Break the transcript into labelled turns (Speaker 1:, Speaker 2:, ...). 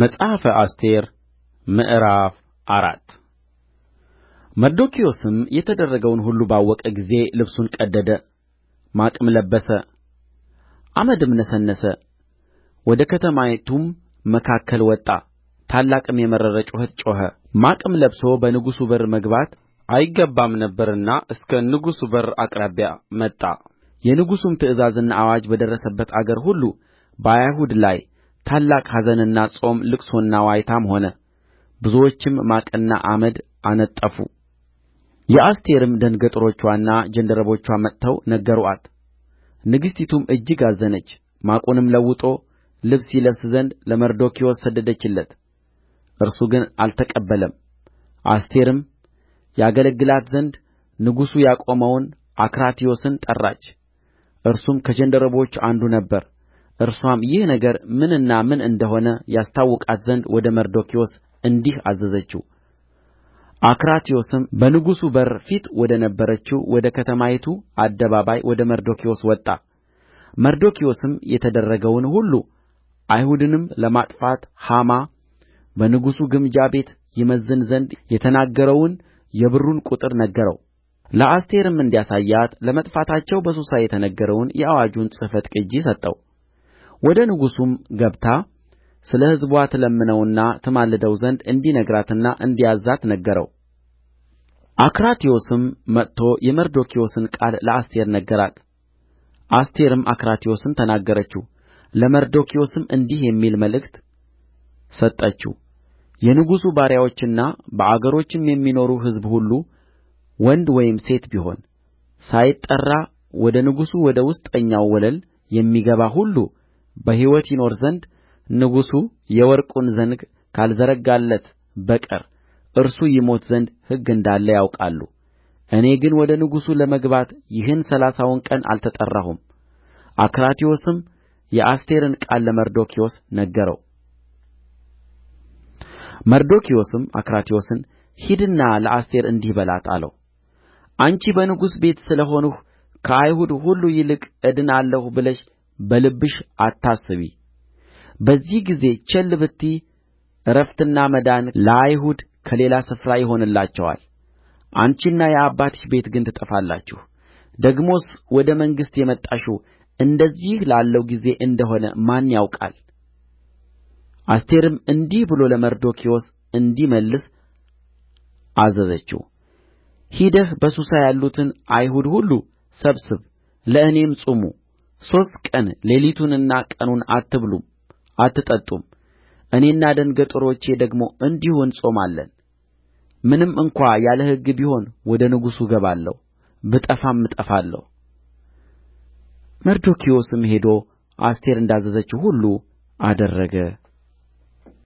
Speaker 1: መጽሐፈ አስቴር ምዕራፍ አራት መርዶክዮስም የተደረገውን ሁሉ ባወቀ ጊዜ ልብሱን ቀደደ ማቅም ለበሰ አመድም ነሰነሰ ወደ ከተማይቱም መካከል ወጣ ታላቅም የመረረ ጩኸት ጮኸ ማቅም ለብሶ በንጉሡ በር መግባት አይገባም ነበርና እስከ ንጉሡ በር አቅራቢያ መጣ የንጉሡም ትእዛዝና አዋጅ በደረሰበት አገር ሁሉ በአይሁድ ላይ ታላቅ ኀዘንና ጾም ልቅሶና ዋይታም ሆነ ብዙዎችም ማቅና አመድ አነጠፉ የአስቴርም ደንገጥሮችዋና ጃንደረቦችዋ መጥተው ነገሩአት ንግሥቲቱም እጅግ አዘነች ማቁንም ለውጦ ልብስ ይለብስ ዘንድ ለመርዶክዮስ ሰደደችለት እርሱ ግን አልተቀበለም አስቴርም ያገለግላት ዘንድ ንጉሡ ያቆመውን አክራትዮስን ጠራች እርሱም ከጃንደረቦቹ አንዱ ነበረ እርስዋም ይህ ነገር ምንና ምን እንደ ሆነ ያስታውቃት ዘንድ ወደ መርዶክዮስ እንዲህ አዘዘችው አክራትዮስም በንጉሡ በር ፊት ወደ ነበረችው ወደ ከተማይቱ አደባባይ ወደ መርዶክዮስ ወጣ መርዶክዮስም የተደረገውን ሁሉ አይሁድንም ለማጥፋት ሐማ በንጉሡ ግምጃ ቤት ይመዝን ዘንድ የተናገረውን የብሩን ቍጥር ነገረው ለአስቴርም እንዲያሳያት ለመጥፋታቸው በሱሳ የተነገረውን የአዋጁን ጽሕፈት ቅጅ ሰጠው ወደ ንጉሡም ገብታ ስለ ሕዝብዋ ትለምነውና ትማልደው ዘንድ እንዲነግራትና እንዲያዝዛት ነገረው። አክራትዮስም መጥቶ የመርዶክዮስን ቃል ለአስቴር ነገራት። አስቴርም አክራትዮስን ተናገረችው፣ ለመርዶክዮስም እንዲህ የሚል መልእክት ሰጠችው። የንጉሡ ባሪያዎችና በአገሮችም የሚኖሩ ሕዝብ ሁሉ ወንድ ወይም ሴት ቢሆን ሳይጠራ ወደ ንጉሡ ወደ ውስጠኛው ወለል የሚገባ ሁሉ በሕይወት ይኖር ዘንድ ንጉሡ የወርቁን ዘንግ ካልዘረጋለት በቀር እርሱ ይሞት ዘንድ ሕግ እንዳለ ያውቃሉ እኔ ግን ወደ ንጉሡ ለመግባት ይህን ሠላሳውን ቀን አልተጠራሁም አክራትዮስም የአስቴርን ቃል ለመርዶክዮስ ነገረው መርዶክዮስም አክራትዮስን ሂድና ለአስቴር እንዲህ በላት አለው አንቺ በንጉሥ ቤት ስለ ሆንሁ ከአይሁድ ሁሉ ይልቅ እድናለሁ ብለሽ በልብሽ አታስቢ በዚህ ጊዜ ቸል ብትዪ ዕረፍትና መዳን ለአይሁድ ከሌላ ስፍራ ይሆንላቸዋል አንቺና የአባትሽ ቤት ግን ትጠፋላችሁ ደግሞስ ወደ መንግሥት የመጣሽው እንደዚህ ላለው ጊዜ እንደሆነ ማን ያውቃል አስቴርም እንዲህ ብሎ ለመርዶክዮስ እንዲመልስ አዘዘችው ሂደህ በሱሳ ያሉትን አይሁድ ሁሉ ሰብስብ ለእኔም ጹሙ ሦስት ቀን ሌሊቱንና ቀኑን አትብሉም አትጠጡም እኔና ደንገጥሮቼ ደግሞ እንዲሁ እንጾማለን ምንም እንኳ ያለ ሕግ ቢሆን ወደ ንጉሡ እገባለሁ ብጠፋም እጠፋለሁ መርዶክዮስም ሄዶ አስቴር እንዳዘዘችው ሁሉ አደረገ